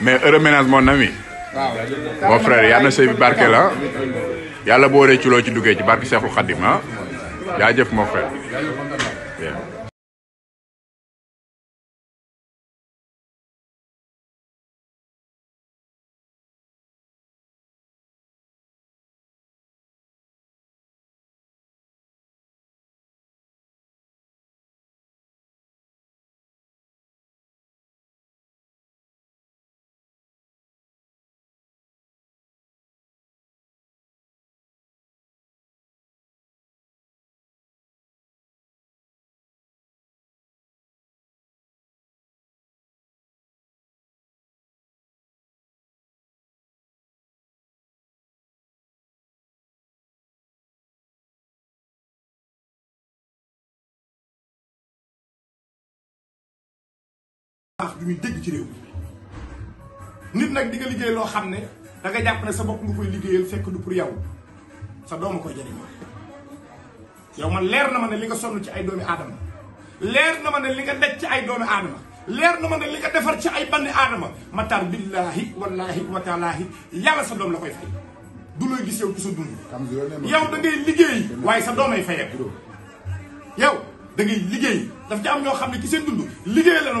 mais heureux ménage mon ami. waaw mon frère na sëy barke la ah. yàlla boo rëcculoo ci duggee ci barke Seexul Xadim ah. jaajëf mon frère. baax du ñu dégg ci réew mi nit nag di nga liggéey loo xam ne danga nga jàpp ne sa bopp nga koy liggéeyal fekk du pour yow sa dooma koy man leer na ma ne li nga sonn ci ay doomi leer na ma ne li nga daj ci ay doomi aadama leer na ma ne li ci ay banni aadama matar billaahi wallaahi wataalaahi yàlla sa doom la koy fay du looy gis yow yow da ngay liggéey waaye sa doomay fayeeku yow dangay liggéey daf ci am ñoo xam ne ci seen dund liggéey la nu